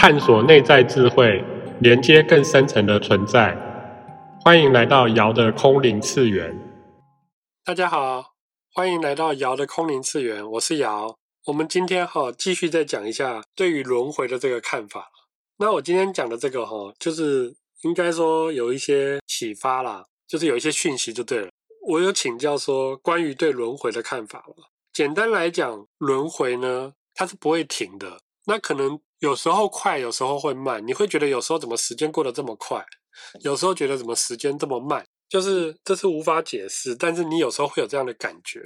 探索內在智慧，連接更深層的存在。歡迎來到堯的空靈次元。大家好，歡迎來到堯的空靈次元。我是堯。我們今天哈、哦、繼續再講一下對於輪迴的這個看法。那我今天講的這個哈、哦，就是應該說有一些啟發啦，就是有一些訊息就對了。我有請教說關於對輪迴的看法。簡單來講，輪迴呢，它是不會停的。那可能。有時候快，有時候會慢，你會覺得有時候怎麼時間過得這麼快，有時候覺得怎麼時間這麼慢，就是這是無法解釋。但是你有時候會有這樣的感覺。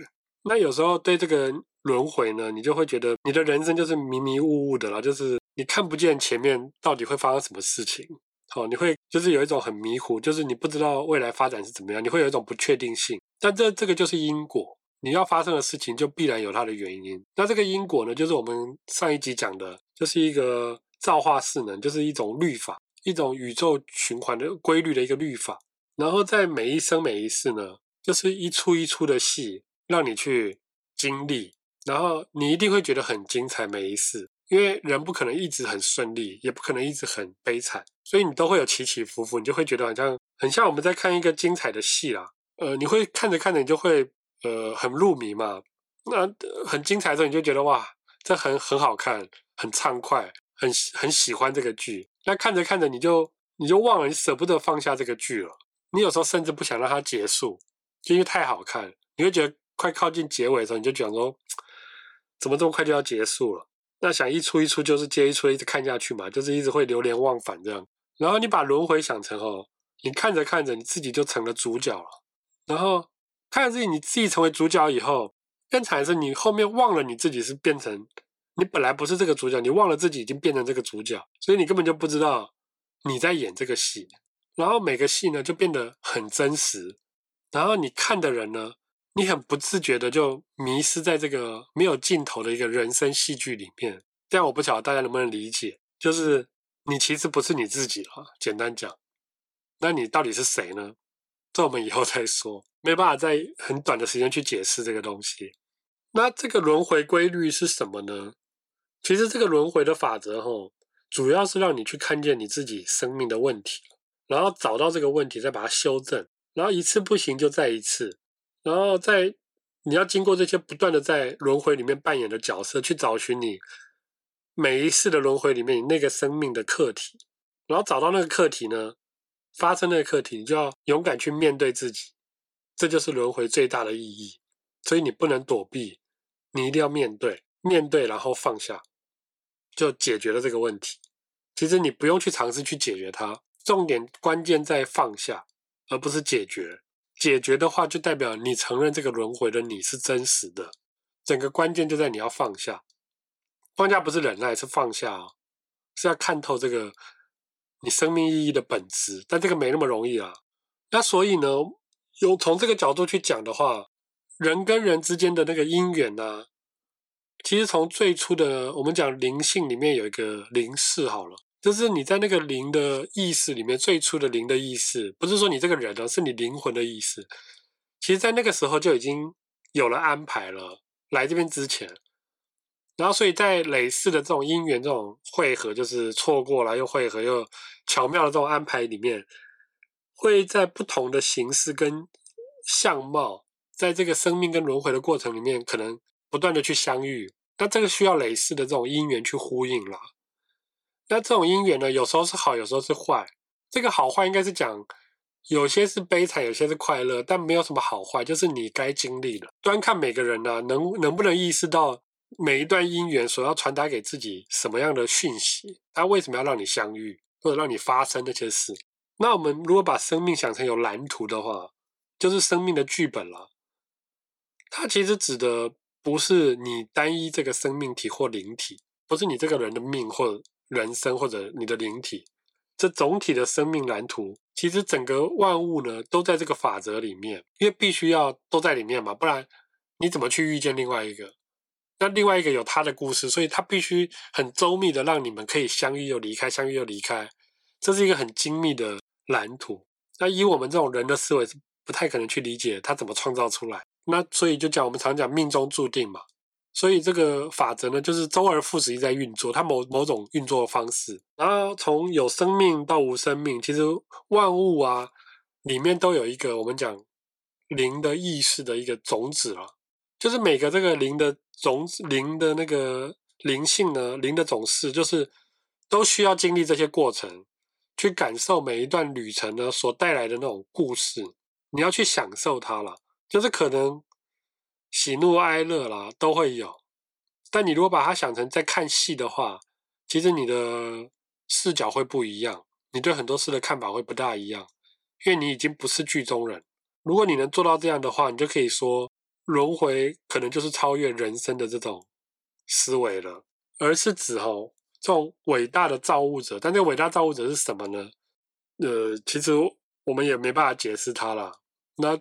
那有時候對這個輪迴呢，你就會覺得你的人生就是迷迷霧霧的了，就是你看不見前面到底會發生什麼事情。好，你會就是有一種很迷糊，就是你不知道未來發展是怎麼樣，你會有一種不確定性。但這這個就是因果，你要發生的事情就必然有它的原因。那這個因果呢，就是我們上一集講的，就是一個造化勢能，就是一種律法，一種宇宙循環的規律的一個律法。然後在每一生每一世呢，就是一出一出的戲，讓你去經歷。然後你一定會覺得很精彩每一世，因為人不可能一直很順利，也不可能一直很悲慘，所以你都會有起起伏伏，你就會覺得好像很像我們在看一個精彩的戲啦。呃，你會看着看着，你就會呃很入迷嘛。那很精彩的時候，你就覺得哇，這很很好看。很暢快，很喜很喜歡這個劇。那看着看着你就你就忘了，你捨不得放下這個劇了。你有時候甚至不想讓它結束，就因為太好看。你會覺得快靠近結尾的時候，你就覺得說：怎麼這麼快就要結束了？那想一出一出就是接一出，一直看下去嘛，就是一直會流連忘返這樣。然後你把輪回想成哦，你看着看着你自己就成了主角了。然後看着自己你自己成為主角以後，更慘的是你後面忘了你自己是變成。你本來不是這個主角，你忘了自己已經變成這個主角，所以你根本就不知道你在演這個戲。然後每個戲呢就變得很真實，然後你看的人呢，你很不自覺的就迷失在這個沒有盡頭的一個人生戲劇裡面。但我不曉得大家能不能理解，就是你其實不是你自己了。簡單講，那你到底是誰呢？這我們以後再說，沒辦法在很短的時間去解釋這個東西。那這個輪迴規律是什麼呢？其實這個輪迴的法則哈、哦，主要是讓你去看見你自己生命的問題，然後找到這個問題，再把它修正，然後一次不行就再一次，然後在你要經過這些不斷的在輪迴裡面扮演的角色，去找尋你每一次的輪迴裡面你那個生命的課題，然後找到那個課題呢，發生那個課題，你就要勇敢去面對自己，這就是輪迴最大的意義，所以你不能躲避，你一定要面對，面對然後放下。就解決了這個問題。其實你不用去嘗試去解決它，重點關鍵在放下，而不是解決。解決的話，就代表你承認這個輪迴的你是真實的。整個關鍵就在你要放下，放下不是忍耐，是放下哦，啊，是要看透這個你生命意義的本質。但這個沒那麼容易啊。那所以呢，用從這個角度去講的話，人跟人之間的那個因緣呢、啊？其實從最初的我們講靈性裡面有一個靈視好了，就是你在那個靈的意識裡面最初的靈的意識，不是說你這個人呢，是你靈魂的意識。其實，在那個時候就已經有了安排了，來這邊之前，然後所以在累世的這種因緣這種會合，就是錯過了又會合又巧妙的這種安排裡面，會在不同的形式跟相貌，在這個生命跟輪迴的過程裡面可能。不斷的去相遇，那這個需要類似的這種因緣去呼應啦。那這種因緣呢，有時候是好，有時候是壞。這個好壞應該是講，有些是悲慘，有些是快樂，但沒有什麼好壞，就是你該經歷的。端看每個人呢、啊，能能不能意識到每一段因緣所要傳達給自己什麼樣的訊息？它為什麼要讓你相遇，或者讓你發生那些事？那我們如果把生命想成有藍圖的話，就是生命的劇本啦。它其實指的，不是你單一這個生命體或靈體，不是你這個人的命或人生，或者你的靈體，這總體的生命藍圖。其實整個萬物呢都在這個法則裡面，因為必須要都在裡面嘛，不然你怎麼去遇見另外一個？那另外一個有他的故事，所以他必須很周密的讓你們可以相遇又離開，相遇又離開，這是一個很精密的藍圖。那以我們這種人的思維是不太可能去理解他怎麼創造出來。那所以就講，我們常講命中注定嘛，所以這個法則呢，就是周而復始一直在運作，它某某種運作的方式。然後從有生命到無生命，其實萬物啊裡面都有一個我們講靈的意識的一個種子了、啊，就是每個這個靈的種子，靈的那個靈性呢，靈的種勢，就是都需要經歷這些過程，去感受每一段旅程呢所帶來的那種故事，你要去享受它了。就是可能喜怒哀樂啦都會有，但你如果把它想成在看戲的話，其實你的視角會不一樣，你對很多事的看法會不大一樣，因為你已經不是劇中人。如果你能做到這樣的話，你就可以說輪迴可能就是超越人生的這種思維了，而是指吼這種偉大的造物者。但這個偉大造物者是什麼呢？呃，其實我們也沒辦法解釋他啦。那。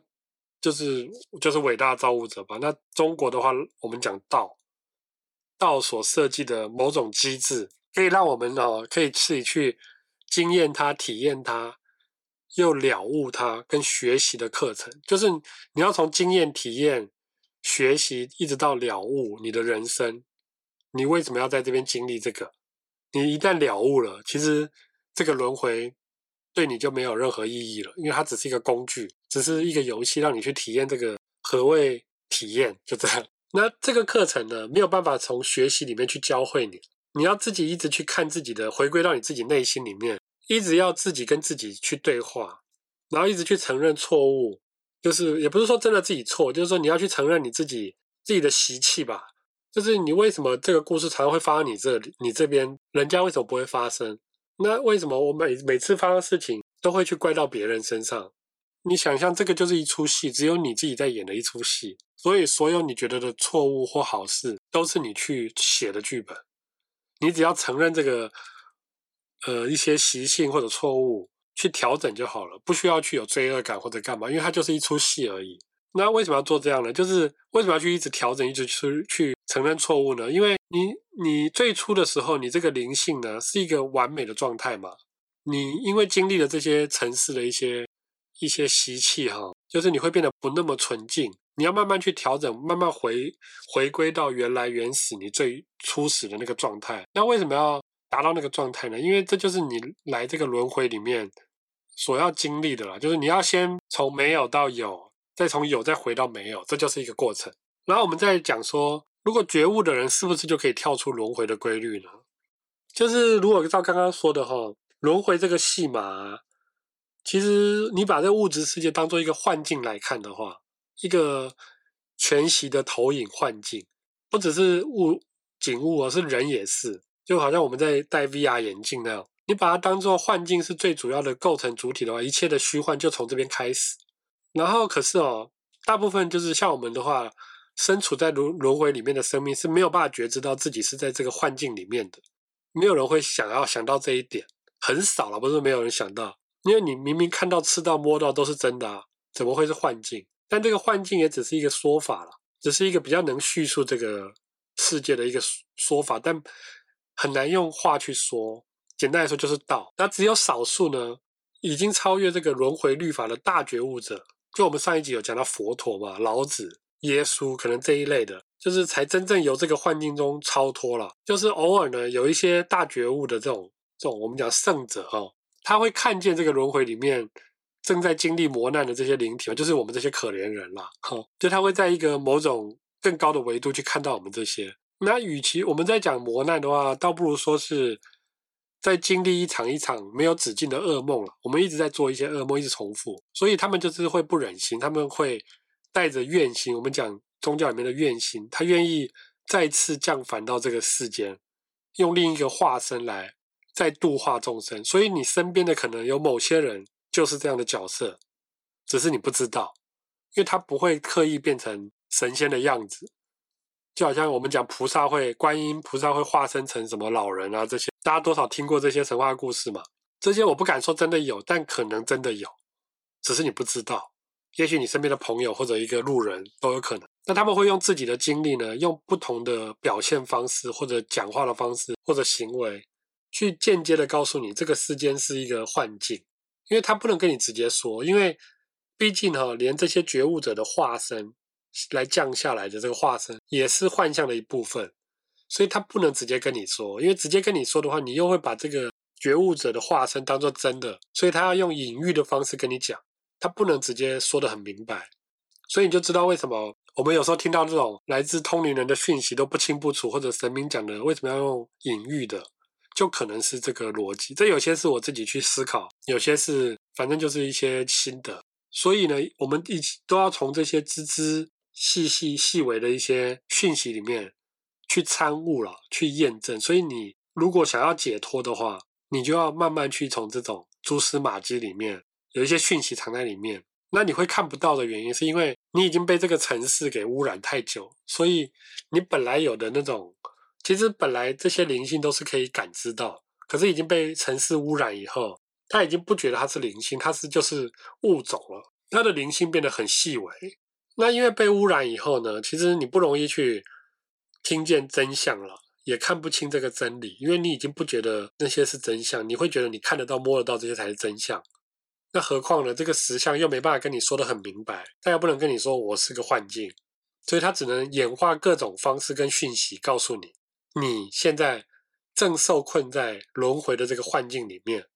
就是就是偉大的造物者吧。那中國的話，我們講道，道所設計的某種機制，可以讓我們哦，可以自己去經驗它、體驗它，又了悟它，跟學習的課程，就是你要從經驗、體驗、學習，一直到了悟你的人生。你為什麼要在這邊經歷這個？你一旦了悟了，其實這個輪迴。對你就沒有任何意義了，因為它只是一個工具，只是一個遊戲，讓你去體驗這個何謂體驗，就這樣。那這個課程呢，沒有辦法從學習裡面去教會你，你要自己一直去看自己的，回歸到你自己內心裡面，一直要自己跟自己去對話，然後一直去承認錯誤，就是也不是說真的自己錯，就是說你要去承認你自己自己的習氣吧，就是你為什麼這個故事常常會發到你這裡，你這邊人家為什麼不會發生？那為什麼我每每次發生事情都會去怪到別人身上？你想象這個就是一出戲，只有你自己在演的一出戲。所以所有你覺得的錯誤或好事，都是你去寫的劇本。你只要承認這個，呃，一些習性或者錯誤，去調整就好了，不需要去有罪惡感或者幹嘛，因為它就是一出戲而已。那為什麼要做這樣呢？就是為什麼要去一直調整，一直去去承認錯誤呢？因為你你最初的時候，你這個靈性呢是一個完美的狀態嘛。你因為經歷了這些城市的一些一些習氣哈，就是你會變得不那麼純淨。你要慢慢去調整，慢慢回回歸到原來原始你最初始的那個狀態。那為什麼要達到那個狀態呢？因為這就是你來這個輪回裡面所要經歷的啦。就是你要先從沒有到有。再從有再回到沒有，這就是一個過程。然後我們再講說，如果覺悟的人是不是就可以跳出輪迴的規律呢？就是如果照剛剛說的哈、哦，輪迴這個戲碼、啊，其實你把這物質世界當做一個幻境來看的話，一個全息的投影幻境，不只是物、景物啊，而是人也是，就好像我們在戴 VR 眼鏡那樣，你把它當做幻境是最主要的構成主體的話，一切的虛幻就從這邊開始。然後可是哦，大部分就是像我們的話，身處在輪輪迴裡面的生命是沒有辦法覺知到自己是在這個幻境裡面的，沒有人會想要想到這一點，很少了，不是沒有人想到，因為你明明看到、吃到、摸到都是真的啊，怎麼會是幻境？但這個幻境也只是一個說法了，只是一個比較能敘述這個世界的一個說法，但很難用話去說。簡單來說就是道。那只有少數呢，已經超越這個輪迴律法的大覺悟者。就我們上一集有講到佛陀嘛、老子、耶穌，可能這一類的，就是才真正由這個幻境中超脫了。就是偶爾呢，有一些大覺悟的這種這種，我們講聖者、哦、他會看見這個輪迴裡面正在經歷磨難的這些靈體，就是我們這些可憐人啦哈、哦，就他會在一個某種更高的維度去看到我們這些。那與其我們在講磨難的話，倒不如說是。在經歷一場一場沒有止境的噩夢了，我們一直在做一些噩夢，一直重複，所以他們就是會不忍心，他們會帶着願心。我們講宗教裡面的願心，他願意再次降凡到這個世間，用另一個化身來再度化眾生。所以你身邊的可能有某些人就是這樣的角色，只是你不知道，因為他不會刻意變成神仙的樣子，就好像我們講菩薩會，觀音菩薩會化身成什麼老人啊這些。大家多少聽過這些神話故事嘛？這些我不敢說真的有，但可能真的有，只是你不知道。也許你身邊的朋友或者一個路人都有可能。那他們會用自己的經歷呢，用不同的表現方式或者講話的方式或者行為，去間接的告訴你這個世間是一個幻境，因為他不能跟你直接說，因為畢竟哈、啊，連這些覺悟者的化身來降下來的這個化身也是幻象的一部分。所以他不能直接跟你說，因為直接跟你說的話，你又會把這個覺悟者的化身當作真的，所以他要用隱喻的方式跟你講，他不能直接說得很明白。所以你就知道為什麼我們有時候聽到這種來自通靈人的訊息都不清不楚，或者神明講的為什麼要用隱喻的，就可能是這個邏輯。這有些是我自己去思考，有些是反正就是一些心得。所以呢，我們一起都要從這些枝枝細細細微的一些訊息裡面，去參悟了，去驗證。所以你如果想要解脫的話，你就要慢慢去從這種蛛絲馬跡裡面，有一些訊息藏在裡面。那你會看不到的原因，是因為你已經被這個城市給污染太久。所以你本來有的那種，其實本來這些靈性都是可以感知到，可是已經被城市污染以後，它已經不覺得它是靈性，它是就是物種了。它的靈性變得很細微。那因為被污染以後呢，其實你不容易去。聽見真相了，也看不清這個真理，因為你已經不覺得那些是真相，你會覺得你看得到、摸得到這些才是真相。那何況呢？這個實相又沒辦法跟你說得很明白，他又不能跟你說，我是個幻境，所以他只能演化各種方式跟訊息告訴你，你現在正受困在輪迴的這個幻境裡面，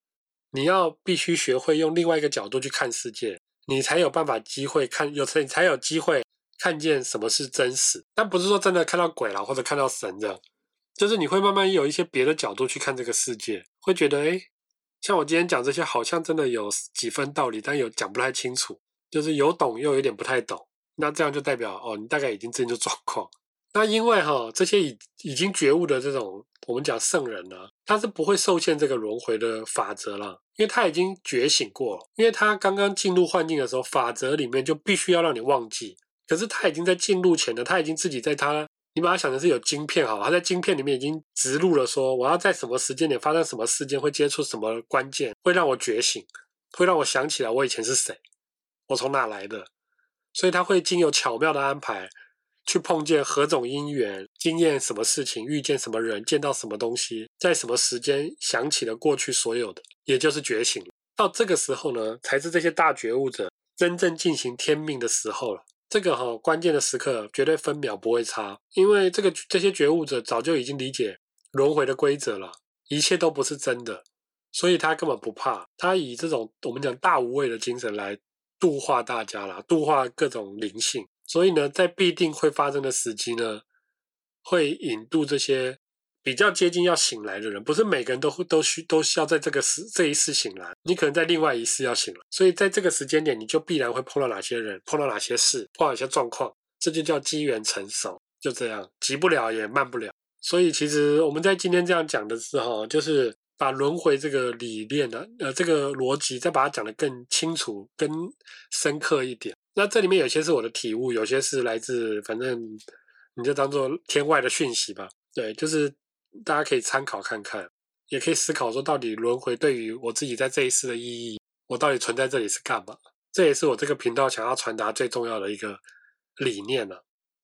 你要必須學會用另外一個角度去看世界，你才有辦法機會看，有才才有機會看見什麼是真實，但不是說真的看到鬼了，或者看到神這樣，就是你會慢慢有一些別的角度去看這個世界，會覺得哎，像我今天講這些，好像真的有幾分道理，但有講不太清楚，就是有懂又有點不太懂。那這樣就代表哦，你大概已經進入狀況。那因為哈、哦，這些已已經覺悟的這種我們講聖人呢、啊，他是不會受限這個輪回的法則了，因為他已經覺醒過了。因為他剛剛進入幻境的時候，法則裡面就必須要讓你忘記。可是他已經在進入前了，他已經自己在他，你把他想成是有晶片好了，他在晶片裡面已經植入了說，說我要在什麼時間點發生什麼事件會接觸什麼關鍵，會讓我覺醒，會讓我想起來我以前是誰，我從哪來的，所以他會經由巧妙的安排，去碰見何種因緣，經驗什麼事情，遇見什麼人，見到什麼東西，在什麼時間想起了過去所有的，也就是覺醒。到這個時候呢，才是這些大覺悟者真正進行天命的時候了。這個哈、哦、關鍵的時刻絕對分秒不會差，因為這個這些覺悟者早就已經理解輪迴的規則了，一切都不是真的，所以他根本不怕，他以這種我們講大無畏的精神來度化大家啦，度化各種靈性，所以呢，在必定會發生的時機呢，會引渡這些。比較接近要醒來的人，不是每個人都會都需都需要在這個時這一世醒來，你可能在另外一世要醒來，所以在這個時間點，你就必然會碰到哪些人，碰到哪些事，碰到一些狀況，這就叫機緣成熟，就這樣，急不了也慢不了。所以其實我們在今天這樣講的時候，就是把輪迴這個理念呢，呃，這個邏輯再把它講得更清楚、更深刻一點。那這裡面有些是我的體悟，有些是來自，反正你就當做天外的訊息吧。對，就是。大家可以參考看看，也可以思考說到底輪回對於我自己在這一世的意義，我到底存在這裡是幹嘛？這也是我這個頻道想要傳達最重要的一個理念了。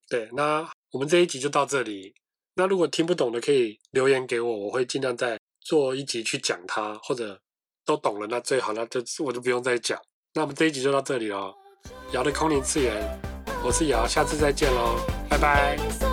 對，那我們這一集就到這裡。那如果聽不懂的可以留言給我，我會盡量再做一集去講它，或者都懂了，那最好，那就我就不用再講。那我們這一集就到這裡哦，瑤的空靈次元，我是瑤，下次再見嘍，拜拜。